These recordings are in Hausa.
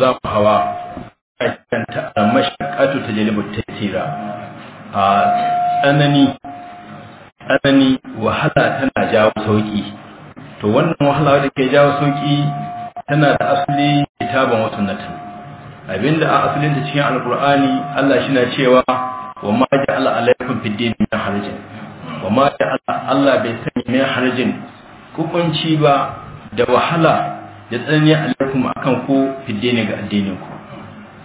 za ku hawa kanta a mashakatu ta jalibu ta tira a tsanani tsanani wahala tana jawo sauƙi to wannan wahala da ke jawo sauƙi tana da asali kitaban wasu natin abinda a asalinta cikin alkur'ani allah shi na cewa wa ma ja'ala alaikum fid din min harajin wa ma ja'ala allah bai sanya min harajin hukunci ba da wahala ya tsanye alaikum akan ku fiddini ga addinin ku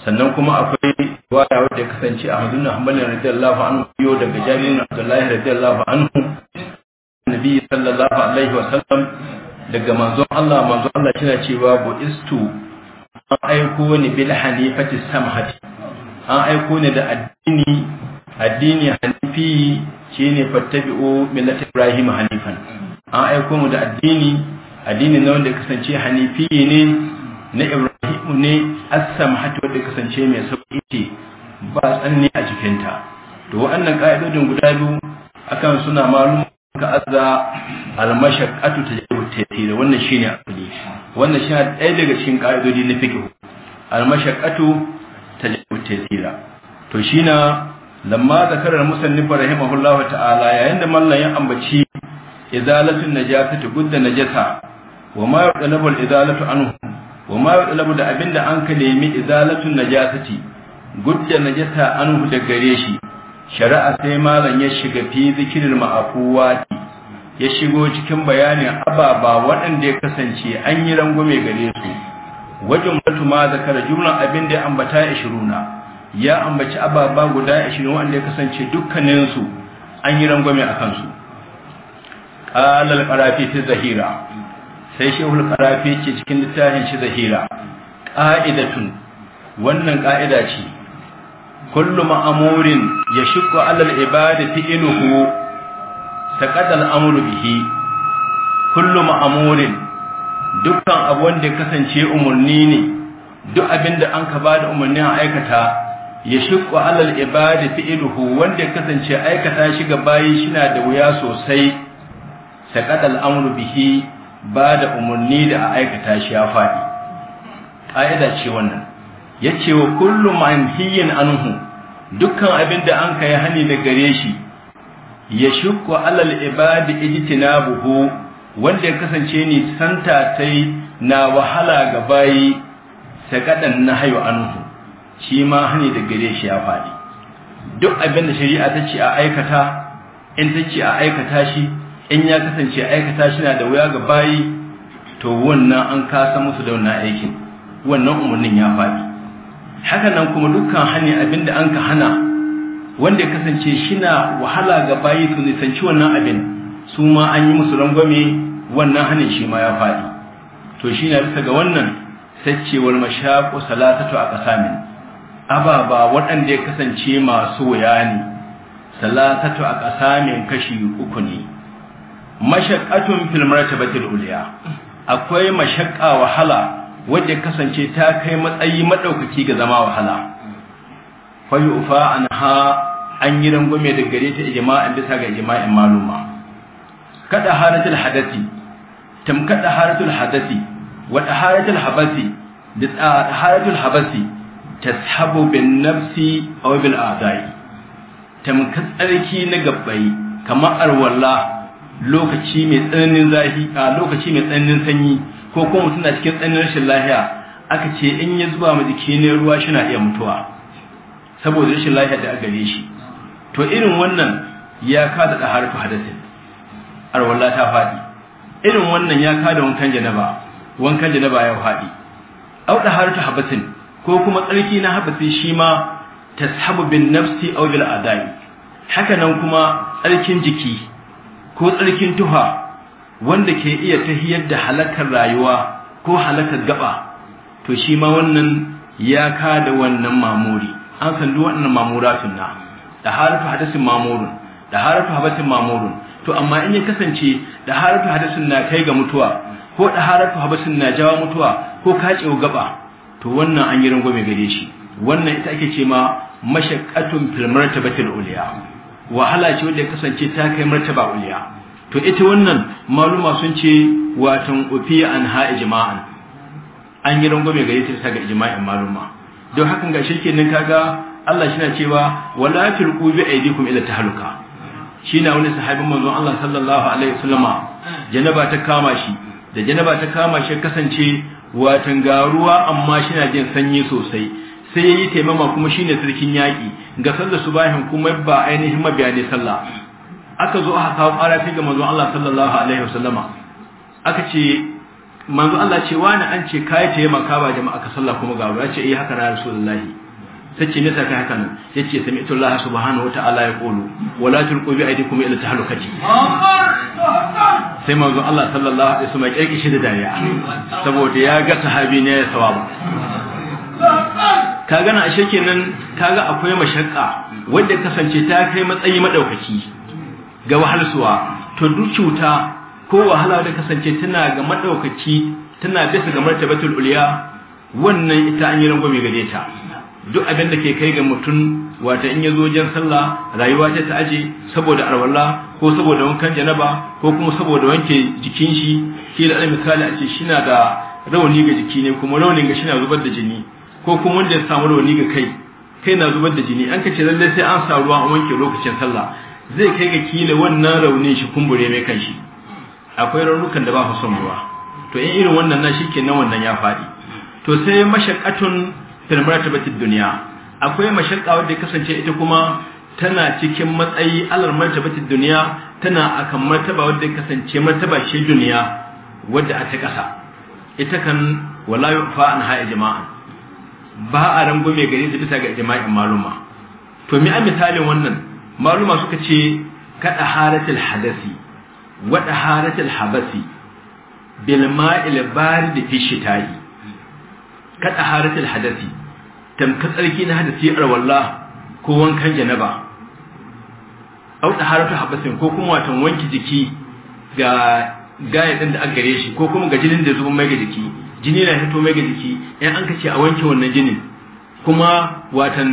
sannan kuma akwai riwaya wadda ya kasance a hadin hanbali radiyallahu anhu biyo daga jabirin abdullahi radiyallahu anhu nabi sallallahu alaihi wasallam daga manzon Allah manzon Allah shi yana cewa bu istu an aiko ni bil hanifati samhati an aiko ni da addini addini hanifi shine fattabi'u millati ibrahim hanifan an aiko mu da addini addini na wanda kasance hanifi ne na ibrahim ne assam hatta wanda kasance mai sauki ce ba tsanni a cikinta to wannan ka'idodin guda biyu akan suna malum ka azza almashaqqatu tajabu tayyib wannan shine akali wannan shi ɗaya daga cikin ka'idodi na fiqh almashaqqatu tajabu tayyib to shine lamma zakarar musannif rahimahullahu ta'ala yayin da mallan ya ambaci izalatu najasati gudda najasa wa ma yutlabu al-izalatu anhu wa ma da abinda an ka nemi izalatu najasati gudda najasa anhu da gare shi shari'a sai malam ya shiga fi zikirin ma'afuwati ya shigo cikin bayanin ababa waɗanda ya kasance an yi rangume gare su wajen mutu ma zakara jumlan abin ya ambata ishiruna ya ambaci ababa guda ishirin wanda ya kasance dukkaninsu an yi rangume a kansu ƙalal ƙarafi ta zahira sai shehul karafi ce cikin littafin shi zahira ƙa'idatun wannan ƙa'ida ce kullu ma'amurin ya shiƙo alal ibadi fi'iluhu taqaddal amru bihi kullu ma'amurin dukkan abu wanda kasance umurni ne duk abinda an ka bada umurni a aikata ya shiƙo alal ibadi fi'iluhu wanda kasance aikata shi ga bayi shina da wuya sosai taqaddal amru bihi ba da umarni da a aikata shi ya faɗi ƙa'ida ce wannan ya ce wa kullum hiyin anhu dukkan abin da an kai hani da gare shi ya shuka alal ibadi buhu, wanda ya kasance ni santa yi na wahala ga bayi ta kaɗan na hayo anhu shi ma hani da gare shi ya faɗi duk abin da shari'a ta ce a aikata in ta ce a aikata shi in ya kasance aikata shi na da wuya ga bayi to wannan an kasa musu da wannan aikin wannan umarnin ya faɗi haka nan kuma dukkan hanyar abin da an ka hana wanda ya kasance shi na wahala ga bayi su nisanci wannan abin su ma an yi musu rangwame wannan hannun shi ma ya faɗi to shi na bisa ga wannan saccewar mashaƙo salatatu a ƙasamin ababa waɗanda ya kasance masu wuya ne salatatu a ƙasamin kashi uku ne mashaqqatun fil martabatil ulya akwai mashaqqa wahala wanda kasance ta kai matsayi madaukaki ga zama wahala fa yufa anha an yi rangume da gare ta ijma'an bisa ga ijma'in maluma kada haratul hadasi tam kada haratul hadasi wa haratul habasi da haratul habasi tashabu bin nafsi aw bil a'dai tam tsarki na gabbai kamar arwalla lokaci mai tsananin zafi a lokaci mai tsananin sanyi ko kuma mutum na cikin tsananin rashin lahiya aka ce in ya zuba ma jiki ne ruwa shi na iya mutuwa saboda rashin lahiya da gare shi to irin wannan ya ka da harfi hadasin arwalla ta faɗi irin wannan ya ka da wankan janaba wankan janaba ya faɗi au da harfi habatin ko kuma tsarki na habatin shi ma tashabu bin nafsi aw bil adai haka nan kuma tsarkin jiki ko tsarkin tuha wanda ke iya tahiyar da halakar rayuwa ko halakar gaba to shi ma wannan ya ka da wannan mamuri an san duk wannan mamura na da harfu hadisin mamurun da harfu habatin mamurun to amma in ya kasance da harfu hadisin na kai ga mutuwa ko da harfu habatin na jawo mutuwa ko kacewa gaba to wannan an yi rangwame gare shi wannan ita ake ce ma mashaqqatun fil martabatil uliya wahala ce wanda ya kasance ta kai martaba uliya to ita wannan maluma sun ce watan ufi an ha ijma'an an yi rangwame gare ta ga ijma'in maluma don hakan ga shirke nan kaga Allah shi na cewa wala firku bi aidikum ila tahluka shi na wani sahabin manzon Allah sallallahu alaihi wasallama janaba ta kama shi da janaba ta kama shi kasance watan garuwa amma shi na jin sanyi sosai sai ya yi taimama kuma shi ne sarkin yaki ga sallar su bayan kuma ba ainihin mabiya ne sallah aka zo aka kawo ƙara ga manzo Allah sallallahu alaihi wasallama aka ce manzo Allah ce wani an ce kai taimaka ba jama'a ka sallah kuma ga ya ce eh haka na rasulullahi sace ne saka haka nan yace sami'tu Allah subhanahu ta'ala ya qulu wala tulqu bi aydikum ila tahlukati sai manzo Allah sallallahu alaihi wasallam ya shi da dariya saboda ya ga sahabi ne ya sawaba ka gana ashe kenan kaga akwai mashakka wanda kasance ta kai matsayi madaukaki ga wahalsuwa to duk cuta ko wahala da kasance tana ga madaukaki tana bisa ga martabatul uliya wannan ita an yi rangwame gare ta duk abin da ke kai ga mutum wata in ya zo jan sallah rayuwa ta aje saboda arwalla ko saboda wankan janaba ko kuma saboda wanke jikin shi kila alal misali a ce shi na da rauni ga jiki ne kuma raunin ga shi na zubar da jini ko kuma wanda ya samu rauni ga kai kai na zubar da jini an ka ce lalle sai an sa ruwa a wanke lokacin sallah zai kai ga kila wannan raunin shi kumbure mai kan shi akwai raunukan da ba su son ruwa to in irin wannan na nan wannan ya faɗi to sai mashaqqatun fil martabatid dunya akwai mashaqqa wanda kasance ita kuma tana cikin matsayi alar martabatid duniya tana akan martaba wanda kasance martaba shi duniya wadda a ta kasa ita kan wala yufa anha ijma'an ba a rango mai gare su bisa ga jama'in maluma to mi a misalin wannan maluma suka ce kada haratul hadasi wa haratul habasi bil ma'il barid fi shita'i kada haratul hadasi tamka tsarki na hadasi arwallah ko wankan janaba au da haratul habasin ko kuma watan wanki jiki ga gaya da aka gare shi ko kuma ga jinin da zuban mai ga jiki jini na fito mai ga jiki in an kace a wanke wannan jinin kuma watan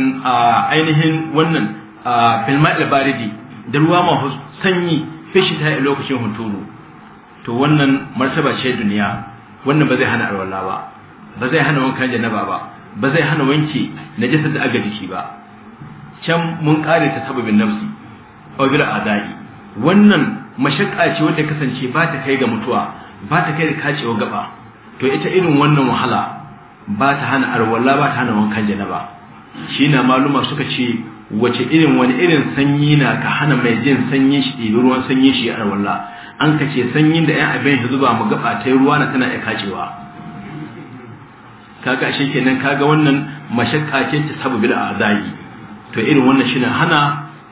ainihin wannan filma albaridi da ruwa masu sanyi fishi ta lokacin hunturu to wannan martaba ce duniya wannan ba zai hana alwala ba ba zai hana wankan janaba ba ba zai hana wanke na jisar da aga jiki ba can mun kare ta sababin nafsi a adai wannan mashakka ce wanda kasance ba ta kai ga mutuwa ba ta kai da kacewa gaba to ita irin wannan wahala ba ta hana arwalla ba ta hana wankan janaba shi na maluma suka ce wace irin wani irin sanyi na ka hana mai jin sanyin shi ɗi ruwan sanyin shi arwalla an ka ce sanyin da 'yan abin shi zuba mu gaba ta yi ruwa na tana ya kacewa ga shi kenan ka ga wannan mashakka ce ta sabu bil azai to irin wannan shi na hana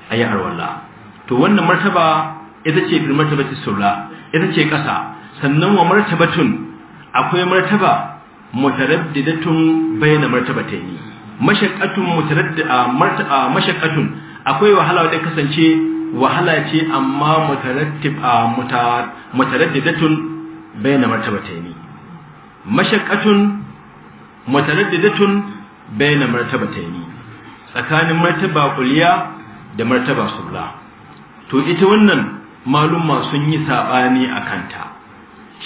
a yi arwalla to wannan martaba ita ce bil martabati sura ita ce kasa sannan wa martabatun akwai martaba mutaraddidatun bayna martabataini mashaqqatun mutaraddida martaba mashaqqatun akwai wahala wadda kasance wahala ce amma mutarattib mutaraddidatun bayna martabataini mashaqqatun mutaraddidatun bayna martabataini tsakanin martaba kulliya da martaba sulla to ita wannan malumma sun yi sabani akanta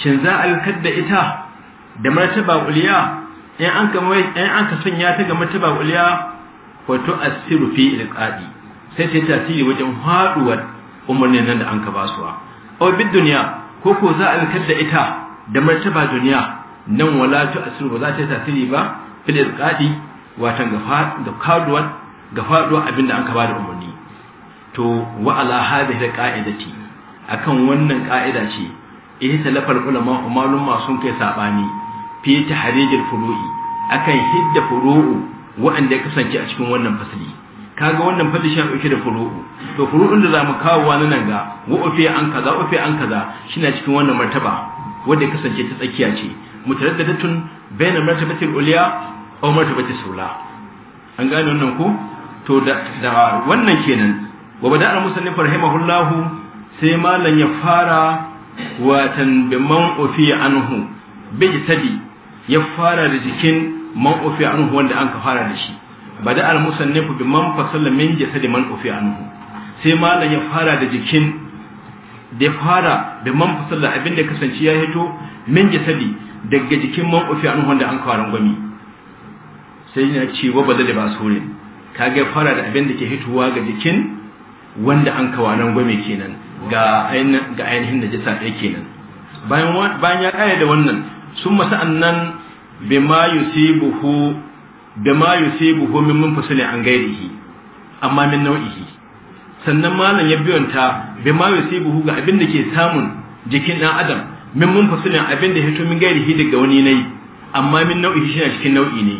shin za a yukar da ita da martaba uliya in an ka in an ka sanya ta ga martaba uliya wato asiru fi ilqadi sai sai tasiri wajen haduwar umarnin nan da an ka basuwa aw bid dunya ko ko za a yukar da ita da martaba duniya nan wala tu asiru ba za ta tasiri ba fil ilqadi wato ga faduwar ga faduwar abinda an ka ba da umarni to wa ala hadhihi qa'idati akan wannan ka'ida ce ihi talafar ulama umarun masu kai sabani fi tahrijul furu'i akan hidda furu'u wa'anda ya kasance a cikin wannan fasali kaga wannan fasali shi dauke da furu'u to furu'un da zamu kawo wa nan ga wa ufi an kaza ufi an kaza shine cikin wannan martaba wanda ya kasance ta tsakiya ce mutaraddadatun bayna martabatil ulya aw martabatis sula an gane wannan ko to da wannan kenan wa al musannif rahimahullahu sai malan ya fara watan bi man ufi anhu bi tabi ya fara da jikin man ufi anhu wanda an ka fara da shi bada al musannifu bi man fasalla min jasadi man ufi anhu sai malam ya fara da jikin da fara bi man fasalla abin da kasance ya hito min jasadi daga jikin man ufi anhu wanda an ka fara gwami sai ne ci wa badal ba surin kage fara da abin da ke hitowa ga jikin wanda an nan gwame kenan ga ainihin da jisa ɗaya kenan bayan ya ƙaya da wannan sun masa annan bima yusibuhu bima yusibuhu min munfasili an gairihi amma min nau'ihi sannan malam ya biyanta bima yusibuhu ga abin da ke samun jikin dan adam min munfasilin abin da hito min gairihi daga wani nai amma min nau'ihi shi cikin nau'i ne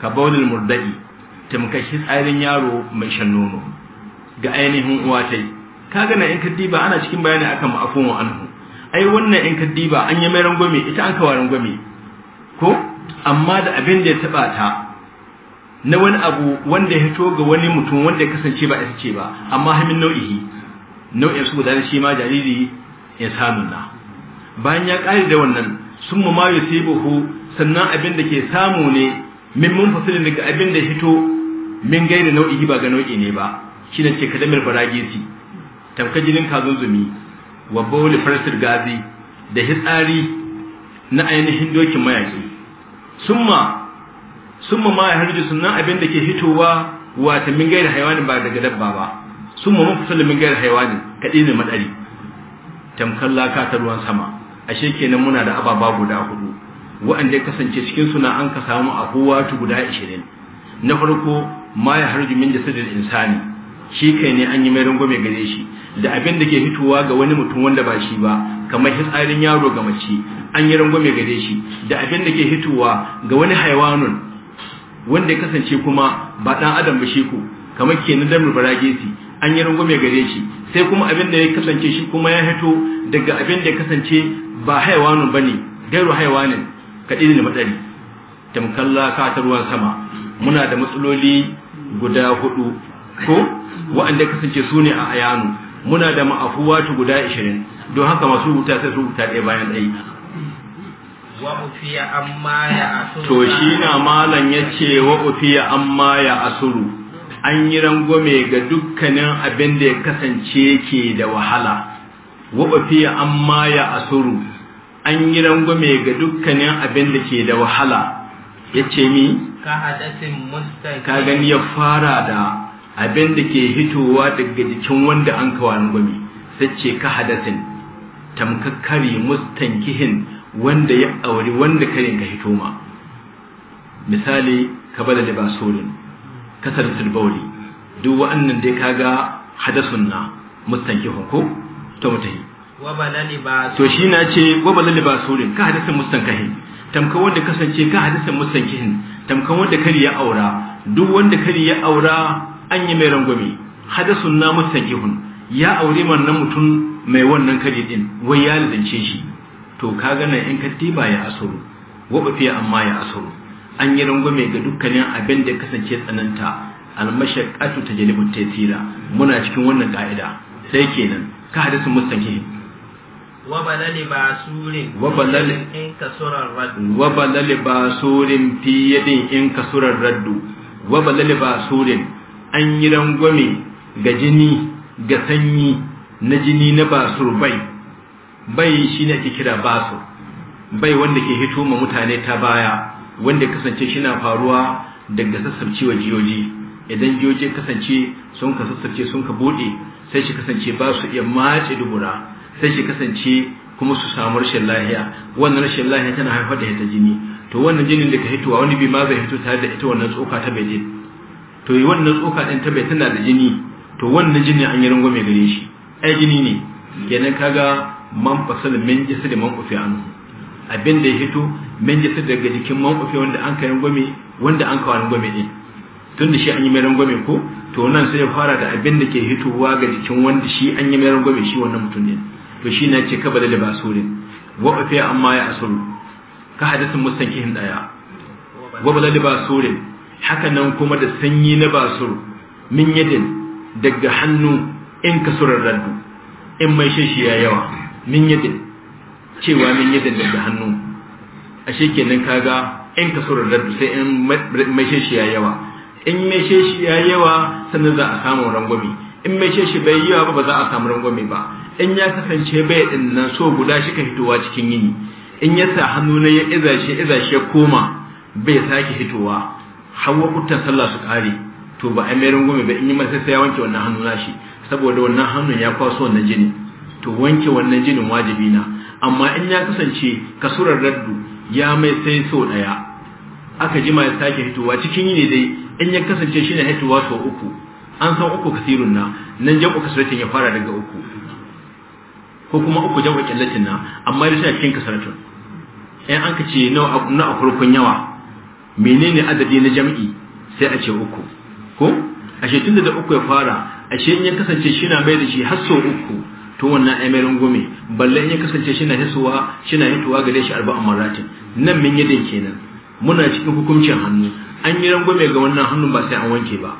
ka baulul murdai tamkashi tsarin yaro mai shan nono ga ainihin uwa ta yi kaga na in kaddiba ana cikin bayani akan ma'afun wa anhu ai wannan in kaddiba an yi mai rangwame ita an kawo rangwame ko amma da abin da ya taba ta na wani abu wanda ya fito ga wani mutum wanda ya kasance ba ita ce ba amma hamin nau'i nau'in su guda shi ma jariri ya samu na bayan ya kare da wannan sun mu mayu sai buhu sannan abin da ke samu ne min mun fasilin daga abin da ya fito min gaida nau'i ba ga nau'i ne ba shi ne ce kadamir faragesi tamka jinin kazunzumi wa bawli farsir gazi da hitsari na ainihin dokin mayaki summa summa ma harju sunan abin da ke hitowa wa ta min gairi hayawani ba daga dabba ba summa mun fitar min gairi hayawani kadai ne madari tamkar laka ta ruwan sama ashe kenan muna da ababa guda hudu waɗanda ya kasance cikin suna an ka samu abuwa guda 20 na farko ma ya harju min jasadin insani shi kai ne an yi mai rangwame gare shi da abin da ke fitowa ga wani mutum wanda ba shi ba kamar hitsarin yaro ga mace an yi rangwame gare shi da abin da ke fitowa ga wani haiwanun wanda ya kasance kuma ba ɗan adam ba shi ko kamar kenan damar baragesi an yi rangwame gare shi sai kuma abin da ya kasance shi kuma ya fito daga abin da ya kasance ba haiwanun bane gairu haiwanin kadiri ne matsari tamkalla ka ta ruwan sama muna da matsaloli guda hudu ko wa'anda kasance su ne a ayanu muna da ma'afuwa ta guda ishirin. don haka masu rubuta sai su rubuta ɗaya bayan ɗaya wa ufiya amma ya asuru to shi na malam ya ce wa ufiya amma ya asuru an yi rangwame ga dukkanin abin da ya kasance ke da wahala wa ufiya amma ya asuru an yi rangwame ga dukkanin abin da ke da wahala ya ce mi ka gani ya fara da abin da ke hitowa daga jikin wanda an kawan sai sace ka hadasin tamkakkari mustankihin wanda ya auri wanda karin ka hito ma misali ka bada libasolin kasar sulbauli duk wa'annan dai kaga hadasun na mustankihun ko to mutahi to shi na ce wabala libasolin ka hadasin mustankahin tamka wanda kasance ka hadisin mustankihin tamka wanda kari ya aura duk wanda kari ya aura an yi mai rangwame hadasun na mutsakihun ya aure wannan mutum mai wannan kari din wai ya lalace shi to ka nan in ka diba ya asuru wa fiya amma ya asuru an yi rangwame ga dukkanin abin da kasance tsananta almashaqatu tajlibu tatira muna cikin wannan ka'ida sai kenan ka hadasun mustaqim wa balali basurin wa balali in kasurar raddu wa balali surin fi yadin in kasurar raddu wa balali basurin an yi rangwame ga jini ga sanyi na jini na basur bai bai shi ne ake kira basur bai wanda ke hito ma mutane ta baya wanda kasance shi na faruwa daga wa jiyoji idan jiyoji kasance sun ka sassarci sun ka bude sai shi kasance ba su iya mace dubura sai shi kasance kuma su samu rashin lahiya wannan rashin lahiya tana haifar da ita jini to wannan jinin da ka hitowa wani bi ma zai hito tare da ita wannan tsoka ta bai to yi wannan tsoka ɗin ta bai tana da jini to wannan jini an yi mai gare shi ai jini ne kenan kaga man fasal min da man kufi an abin da ya hito min jisa daga jikin man kufi wanda an kai mai wanda an kawo mai din tun da shi an yi mai mai ko to nan sai ya fara da abin da ke hitowa ga jikin wanda shi an yi mai mai shi wannan mutum ne to shi na ce bada da libasurin wa kufi amma ya asuru ka hadisin kihin daya wa bala surin. haka nan kuma da sanyi na basur min yadin daga hannu in kasurar raddu in mai shashi ya yawa min yadin cewa min yadin daga hannu ashe kenan kaga in kasurar raddu sai in mai shashi ya yawa in mai shashi ya yawa sannan za a samu rangwami in mai shashi bai yawa ba za a samu rangwami ba in ya kasance bai din nan so guda shi ka fitowa cikin yini in ya sa hannu na ya iza shi iza shi ya koma bai sake fitowa har kutan sallah su kare to ba a mai rungume ba in yi masa sai ya wanke wannan hannu nashi saboda wannan hannun ya kwaso wannan jini to wanke wannan jinin wajibi na amma in ya kasance kasurar raddu ya mai sai sau daya aka jima ya sake hitowa cikin yini dai in ya kasance shi ne hitowa sau uku an san uku kasirun na nan jam'u kasratin ya fara daga uku ko kuma uku jam'u qillatin na amma da shi cikin kasratun in an kace ce na a farkon yawa menene adadi na jam'i sai a ce uku ko a ce tunda da uku ya fara ashe in ya kasance shi na mai da shi har sau uku to wannan ai mai rungume balle in ya kasance shi na hisuwa shi na hituwa gare shi arba'in maratin nan min yadin kenan muna cikin hukuncin hannu an yi rangwame ga wannan hannun ba sai an wanke ba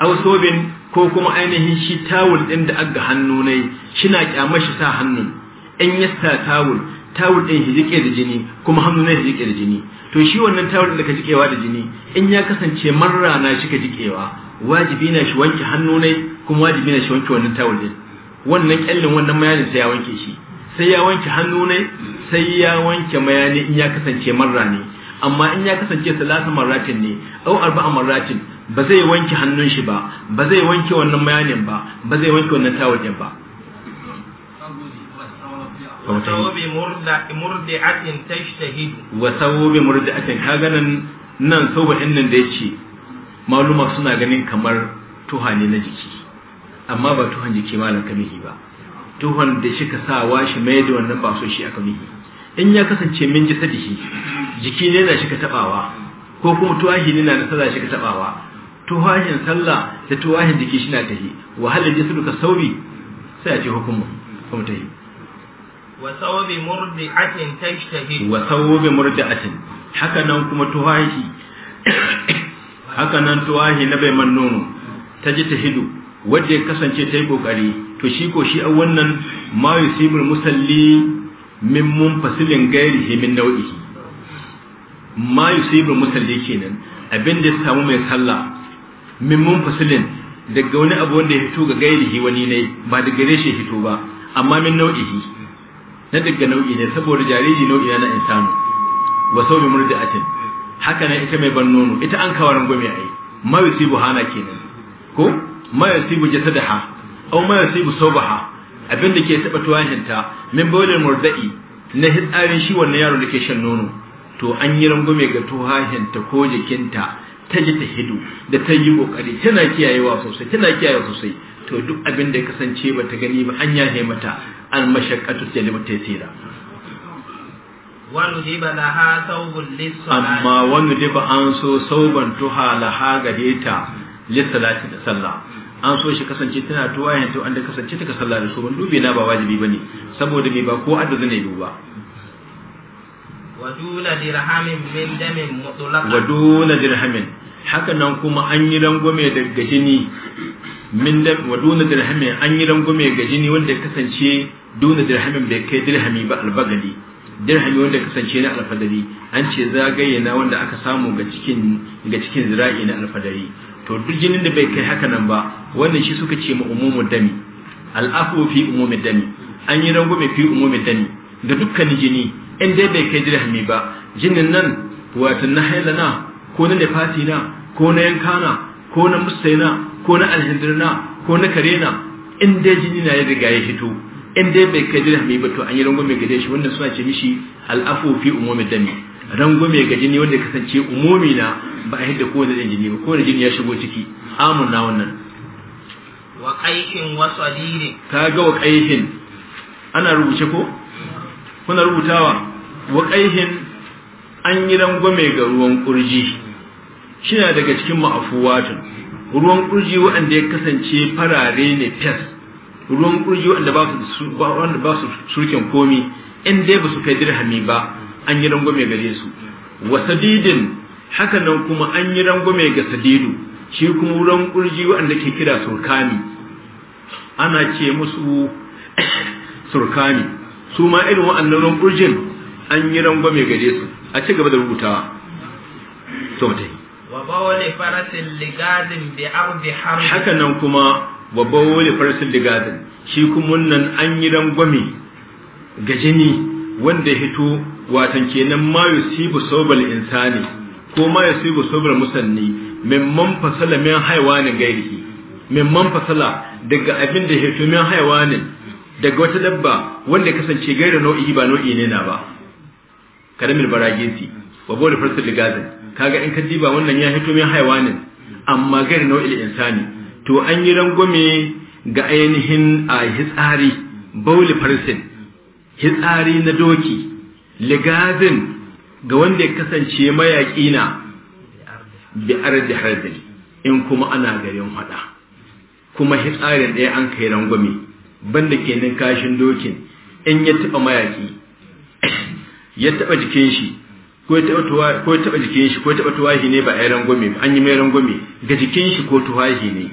aw sobin ko kuma ainihin shi tawul din da aga hannu ne shi na kyamar sa hannun in ya sa tawul tawul din shi jike da jini kuma hannu ne shi jike da jini to shi wannan tawul da ka jikewa da jini in ya kasance marra na shi ka jikewa wajibi na shi wanke hannu ne kuma wajibi na shi wanke wannan tawul din wannan kyallin wannan mayanin sai ya wanke shi sai ya wanke hannu ne sai ya wanke mayani in ya kasance marra ne amma in ya kasance salasa marratin ne au arba'a marratin ba zai wanke hannun shi ba ba zai wanke wannan mayanin ba ba zai wanke wannan tawul din ba وسووا nan تجتهد وسووا بمرضعة كاغنا da سوى إن suna ganin kamar غنين كمر na jiki, amma ba tuhan jiki مالا كميهي ba tuhan da shi ka sa washi mai da wannan ba so shi aka mihi in ya kasance min ji sadihi jiki ne na shi ka tabawa ko kuma tuwahi ne na sallah shi ka tabawa tuwahin sallah da tuwahin jiki shi na tahi wahalar jisru ka sauri sai a ce hukumu kuma tahi wa thawbi murdi'atin tashtahi wa thawbi murdi'atin haka nan kuma tuwahi haka nan tuwahi na bai man nono ta ji tahidu wanda ya kasance ta yi kokari to shi ko shi a wannan ma yusibul musalli gairihi min kenan abin da ya samu mai salla min daga wani abu wanda ya fito ga gairihi wani ne ba da gare shi fito ba amma min nau'ihi na daga nau'i ne saboda jariri nau'i na insanu wa sauri murdi'atin haka ne ita mai ban nono ita an kawarin gome a yi mayusibu hana kenan ko mayusibu jasadaha au mayusibu sobaha abin da ke taba tuwahinta min bawlil murda'i na hitsarin shi wannan yaro da ke shan nono to an yi rangume ga tuwahinta ko jikinta ta ji ta hidu da ta yi kokari tana kiyayewa sosai tana kiyayewa sosai to duk abin da ya kasance bata gani ba an yahe mata al mashaqqatu jalibat taysira wani diba laha saubun lissalati amma wani diba an so sauban tuha laha gare ta lissalati da sallah an so shi kasance tana tuwa yanzu an da kasance ta ka da su wani na ba wajibi ne saboda me ba ko addu ne duba wadula dirhamin damin dirhamin haka nan kuma an yi rangwame daga jini min da wa duna dirhami an yi rangume ga jini wanda ya kasance duna dirhamin bai kai dirhami ba albagadi dirhami wanda ya kasance na alfadari an ce zagaye na wanda aka samu ga cikin ga cikin zira'i na alfadari to duk jinin da bai kai haka nan ba wannan shi suka ce ma umumu dami al'afu fi umumi dami an yi rangume fi umumi dami da dukkan jini in dai bai kai dirhami ba jinin nan wato na haila na ko na nefati na ko na yankana ko na mustaina ko na alhindirna ko na karena in dai jini na ya riga ya fito, in dai bai kai dirhami ba to an yi rangwame ga shi wannan suna ce mishi al'afu fi umumi dami rangwame ga jini wanda kasance umumi na ba a hidda kowane ɗan jini ba kowane jini ya shigo ciki amun na wannan wa kaihin wa sadidin ka ga wa ana rubuce ko kuna rubutawa wa an yi rangwame ga ruwan kurji shi na daga cikin ma'afuwatun ruwan kurji wanda ya kasance farare ne fes ruwan kurji wanda ba su wanda ba su surken komi in dai ba su kai dirhami ba an yi rangwame gare su wa sadidin haka nan kuma an yi rangwame ga sadidu shi kuma ruwan kurji wanda ke kira surkani ana ce musu surkani su ma irin wa'annan ruwan kurjin an yi rangwame gare su a ci gaba da rubutawa to dai wa bi haka nan kuma wa bawali farasin ligadin shi kuma nan an yi rangwame ga jini wanda hito watan kenan ma yusibu sobal insani ko ma yusibu sobal musanni mimman fasala min haiwanin gairihi mimman fasala daga abin da hito min haiwanin daga wata dabba wanda kasance gairi nau'i ba nau'i ne na ba karamin baragesi wa bawali farasin ligadin kaga in ka diba wannan ya hito min haiwanin amma gari nau'il insani to an yi rangwame ga ainihin a hitsari bauli farsin hitsari na doki ligazin ga wanda ya kasance mayaƙi na bi'ar da harbin in kuma ana garin hada kuma hitsarin ɗaya an kai rangwame banda kenan kashin dokin in ya taɓa mayaƙi ya taɓa jikin shi ko ya taba ko ya taba jikin shi ko ya taba tuwahi ne ba a yi rangwame an yi mai rangwame ga jikin shi ko tuwahi ne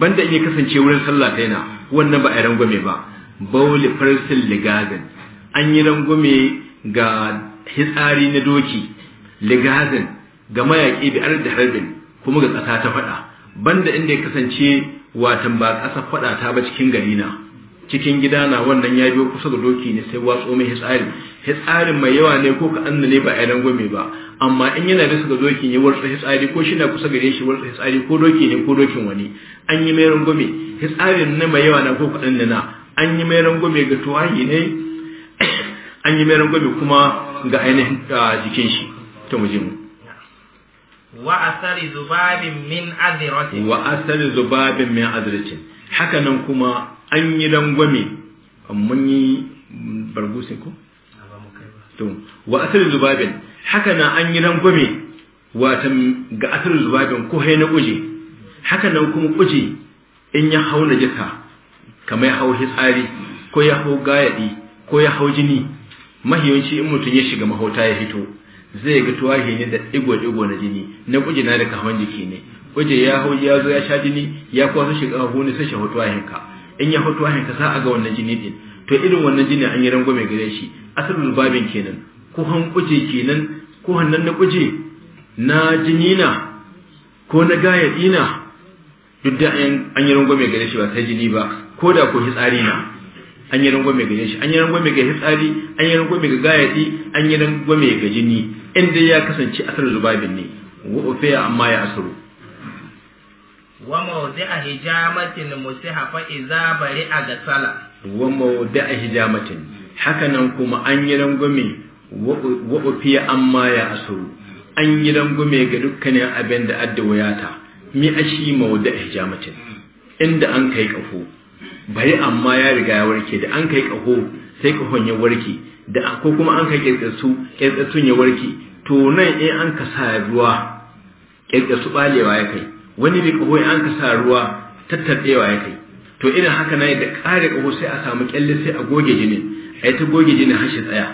banda in ya kasance wurin sallah ta yana wannan ba a yi rangwame ba bauli farsil ligazin an yi rangwame ga hitsari na doki ligazin ga mayaƙi bi ar da harbin kuma ga ƙasa ta faɗa banda inda ya kasance watan ba ƙasa faɗa ta ba cikin gari na cikin gida na wannan ya biyo kusa da doki ne sai watsu mai hitsari hitsarin mai yawa ne ko ka anna ne ba a yanar gome ba amma in yana bisa ga doki ne warsa hitsari ko shi na kusa gare shi warsa hitsari ko doki ne ko dokin wani an yi mai rangume hitsarin na mai yawa na ko ka ne na an yi mai rangume ga tuwahi ne an yi mai rangume kuma ga ainihin jikin shi ta mu mu wa asali zubabin min aziratin wa asali zubabin min aziratin haka nan kuma an yi rangwame mun yi barguse ko to wa asir zubabin haka nan an yi langwame watan ga asir zubabin ko na kuje haka nan kuma kuje in ya hau na jika kamar ya hau hitsari ko ya hau gayadi ko ya hau jini mahiyanci in mutum ya shiga mahauta ya hito zai ga tuwahi ne da igwa igwa na jini na kuje na da kaman jiki ne waje ya hau ya zo ya sha jini ya kwaso shi ga huni sai shi hoto ahinka in ya hoto ahinka sa a ga wannan jini din to irin wannan jini an yi rangwame gare shi asalin babin kenan ko han kuje kenan ko hannan na kuje na jini na ko na gaya dina duk da an yi rangwame gare shi ba ta jini ba ko da ko hitsari na an yi rangwame gare shi an yi rangwame ga hitsari an yi rangwame ga gayadi an yi rangwame ga jini inda ya kasance asalin zubabin ne wa ufiya amma ya asuru wa mawdi'a hijamatin musiha fa iza bari a ga sala wa a hijamatin haka nan kuma an yi rangume wa ufiya amma ya asuru an yi rangume ga dukkan abin da adda wayata mi a shi, ashi mawdi'a hijamatin inda an kai kafo bari amma ya riga ya warke da an kai kafo sai ka ya warke da ko kuma an kai kirkirsu kirkirsun ya warke to nan in an ka sa ruwa kirkirsu balewa ya kai wani bai kaho an ka sa ruwa tattaɓewa ya kai to irin haka na da kare kaho sai a samu kyalle sai a goge jini, a yi ta goge jini har shi tsaya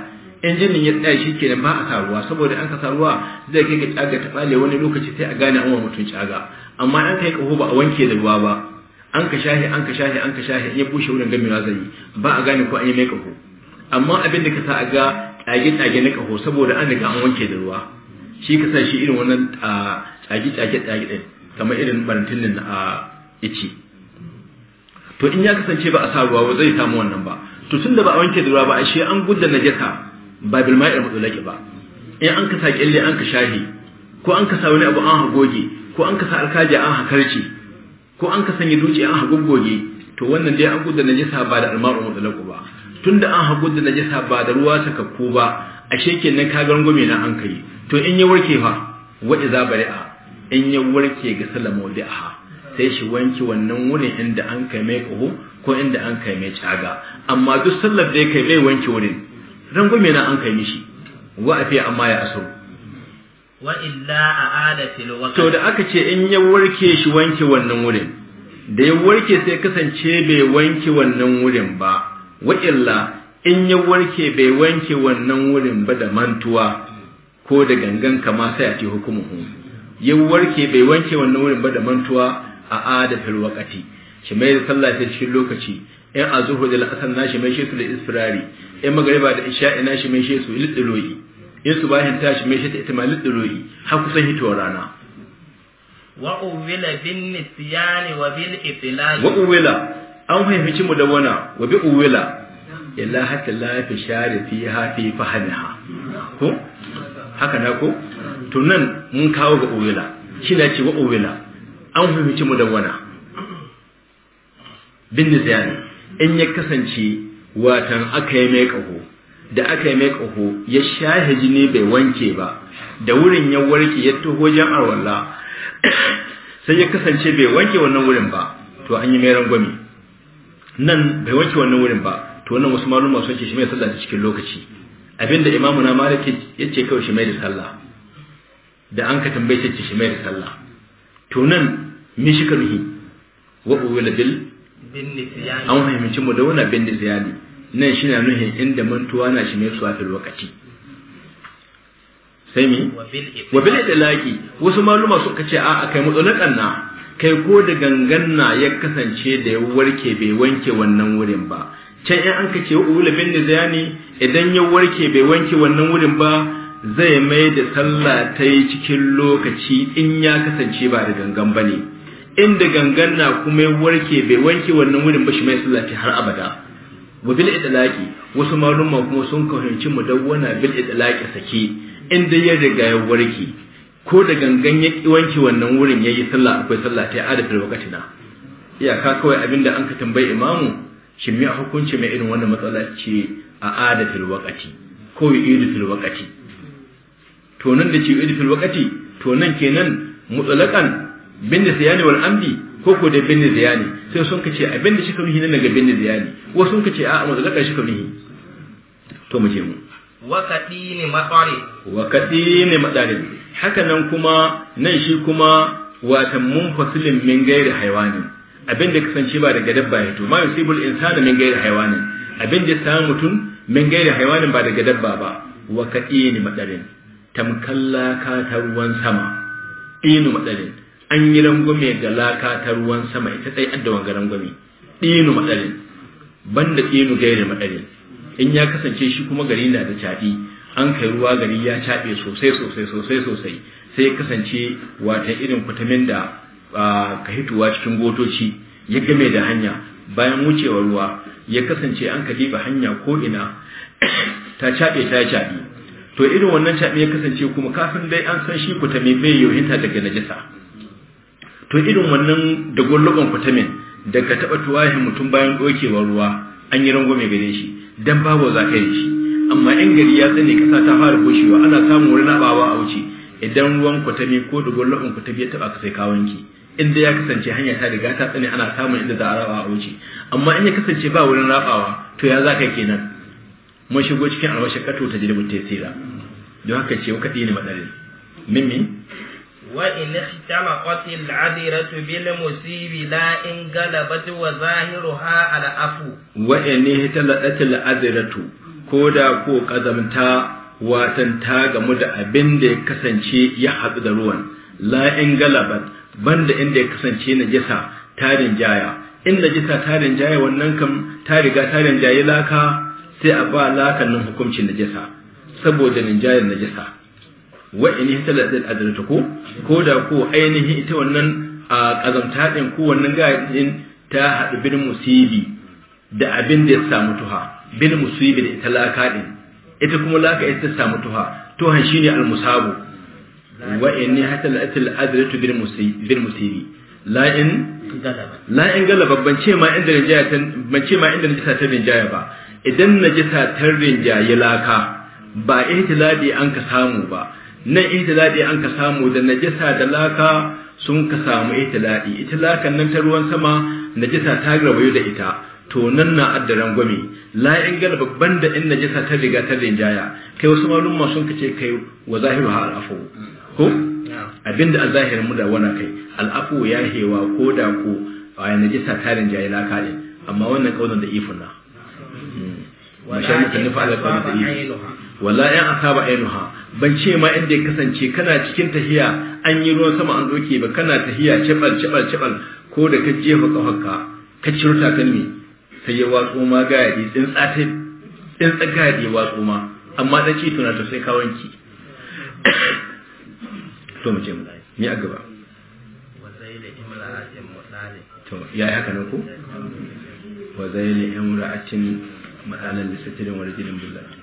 in jinin ya tsaya shi kenan ba a sa ruwa saboda an ka sa ruwa zai kai ka tsaga ta bale wani lokaci sai a gane an wa mutum caga amma an kai kaho ba a wanke da ruwa ba an ka shahi an ka shahi an ka in ya bushe wurin gamewa zai ba a gane ko an yi mai kaho amma abin da ka sa a ga tsage-tsage na kaho saboda an riga an wanke da ruwa shi ka sa shi irin wannan ah, tsage-tsage tsage kamar irin barantinin a ice to in ya kasance ba a sa ruwa ba zai samu wannan ba to tunda ba a wanke da ruwa ba ashe an gudda na jaka ba bil ma'ir mutulaki ba in an ka sa kyalle an ka shahi ko an ka wani abu an hagoge ko an ka sa alkaji an hakarci ko an ka sanya duci an hagoggoge to wannan dai an gudda na jisa ba da almaru mutulaku ba tunda an hagu da najasa ba da ruwa sakakku ba ashe kenan ka gangume na an kai to in ya warke fa wa iza bari'a in ya warke ga salama wadi'aha sai shi wanke wannan wurin inda an kai mai ƙaho ko inda an kai mai caga amma duk sallar da ya kai mai wanke wurin mai na an kai mishi wa fiye amma ya asuru wa illa a fil waqt to da aka ce in ya warke shi wanke wannan wurin da ya warke sai kasance bai wanke wannan wurin ba wa illa in ya warke bai wanke wannan wurin ba da mantuwa ko da gangan kama sai a ce hukumu ya warke bai wanke wannan wurin ba da mantuwa a adatul wakati. shi mai sallah ta cikin lokaci in azhur da al'asar na shi mai shi su da isfirari in magriba da isha'i na shi mai shi su ildiloyi in subahin ta shi mai shi ta ma ildiloyi har kusan hito rana wa uwila bin nisyani wa bil itlal wa uwila an fahimci mu da wana wa bi uwila illa hatta la fi shari hafi fi fahmiha ko haka na ko to nan mun kawo ga uwila shi na ce wa uwila an fahimci mu da wana bin nizani in ya kasance watan aka yi mai ƙaho da aka yi mai ƙaho ya shahe ne bai wanke ba da wurin ya warke ya taho jam'ar walla sai ya kasance bai wanke wannan wurin ba to an yi mai rangwami nan bai wanke wannan wurin ba to wannan wasu maluma sun ce shi mai sallah cikin lokaci abinda imamu na maliki ya ce kawai shi mai da sallah da an ka tambaye ta shi mai sallah to nan me shi ka nuhi wa uwila bil an fahimci mu da wuna bin nisyani nan shi na nuhin inda mantuwa na shi mai suwa fil wakati sai mi wa bil itlaqi wasu maluma suka ce a kai mutsalakan na kai ko da gangan na ya kasance da ya warke bai wanke wannan wurin ba can in an ka ce wa uwila bin nisyani idan ya warke bai wanke wannan wurin ba zai mai da sallah ta yi cikin lokaci in ya kasance ba da gangan ba ne inda gangan na kuma warke bai wanke wannan wurin ba shi mai sallah ta har abada wa bil idlaqi wasu malumma kuma sun fahimci dawwana bil idlaqi sake inda ya riga ya warke ko da gangan ya wanke wannan wurin yayi sallah akwai sallah ta na iya ka kawai abinda an ka tambaye imamu shin me hukunci mai irin wannan matsala ce a adatul wakati ko yi yu'idatul waqti to nan da ce idfil waqati to nan kenan mutsalakan bin nisyani wal amdi ko ko da bin ziyani, sai sun kace abin da shi kauni nan daga bin ziyani, ko sun kace a'a mutlaqan shi kauni to mu je mu wakadini matsari wakadini matsari haka nan kuma nan shi kuma mun fasilin min gairi haiwanin abin da kasance ba daga dabba ya to ma yusibul insana min gairi haiwanin abin da samu mutum min gairi haiwanin ba daga dabba ba ne matsarin tamkan laka ta ruwan sama dinu matsalin an yi rangwame ga laka ta ruwan sama ita tsaye adda wanga rangwame dinu matsalin banda dinu gairi matsalin in ya kasance shi kuma gari na da caɗi an kai ruwa gari ya caɓe sosai sosai sosai sosai sai kasance wata irin kwatamin da ka hituwa cikin gotoci ya game da hanya bayan wucewar ruwa ya kasance an ba hanya ko ina ta caɓe ta caɓi to irin wannan caɓi ya kasance kuma kafin dai an san shi kutamin bai yohinta daga najisa to irin wannan da gwallagon kutamin daga taɓa tuwahin mutum bayan ɗokewar ruwa an yi rango mai gare shi dan babu za ka yi shi amma yan gari ya tsane kasa ta fara bushewa ana samun wurin naɓawa a wuce idan ruwan kwatami ko da gwallagon kwatami ya taɓa ka sai ka inda ya kasance hanya ta riga ta tsane ana samun inda za a raba a wuce amma in ya kasance ba wurin rabawa to ya zaka kenan mun shigo cikin almashakatu ta jirgin tesira don haka ce wakaɗi ne maɗarin mimmi وإن اختلقت العذرة بالمصيب لا إن غلبت وظاهرها على أفو وإن اختلقت العذرة كودا كو قدمتا watan ta gamu da abin da ya kasance ya haɗu da ruwan la in galabat banda inda ya kasance najasa tarin jaya in najasa tarin jaya wannan kam ta riga tarin jayi laka sai a ba lakan nan hukuncin najasa saboda ninjayar najasa wa in hi talatin adrata ko ko da ko ainihin ita wannan a kazamta din ko wannan gayin ta hadu bin musibi da abin da ya samu tuha bin musibi da ita laka din ita kuma laka ita samu tuha tuhan shine al musabu wa in hi talatin adrata bin musibi bin musibi la in la in galaba ban ce ma inda rinjaya ban ce ma inda najasa ta rinjaya ba idan na ji ta rinjaye laka ba ihtilali an ka samu ba nan ihtilali an ka samu da najisa da laka sun ka samu ihtilali ita lakan nan ta ruwan sama najisa ta garbayo da ita to nan na addaran gwami la in gana babban da in najisa ta riga ta rinjaya kai wasu malumma sun ce kai wa zahiru ha al'afu ko abinda a mu da wana kai al'afu ya hewa ko da ko a najisa tarin rinjaye laka din amma wannan kaunar da ifuna Wala mukallafa ala qawli da'if wallahi an asaba ainuha ban ce ma inda ya kasance kana cikin tahiya an yi ruwan sama an doke ba kana tahiya cibal cibal cibal ko da ka jefa kafarka ka cirta ka ne sai ya watsu ma gayadi tsintsa ta tsintsa gayadi watso ma amma dan ci tunata sai ka wanki to mu ce mu dai ni a gaba to ya haka ne ko wa zaili imra'atin ma'alan lisa kirin wani jirin bulla.